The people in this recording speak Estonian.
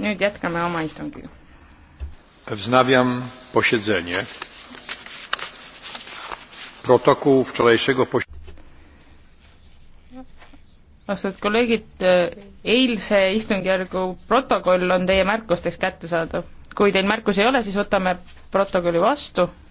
nüüd jätkame oma istungiga. Wznawiam posiedzenie. Protokół wczorajszego posiedzenia. austatud kolleegid, eilse istungjärgu protokoll on teie märkusteks kättesaadav. kui teil märkusi ei ole, siis võtame protokolli vastu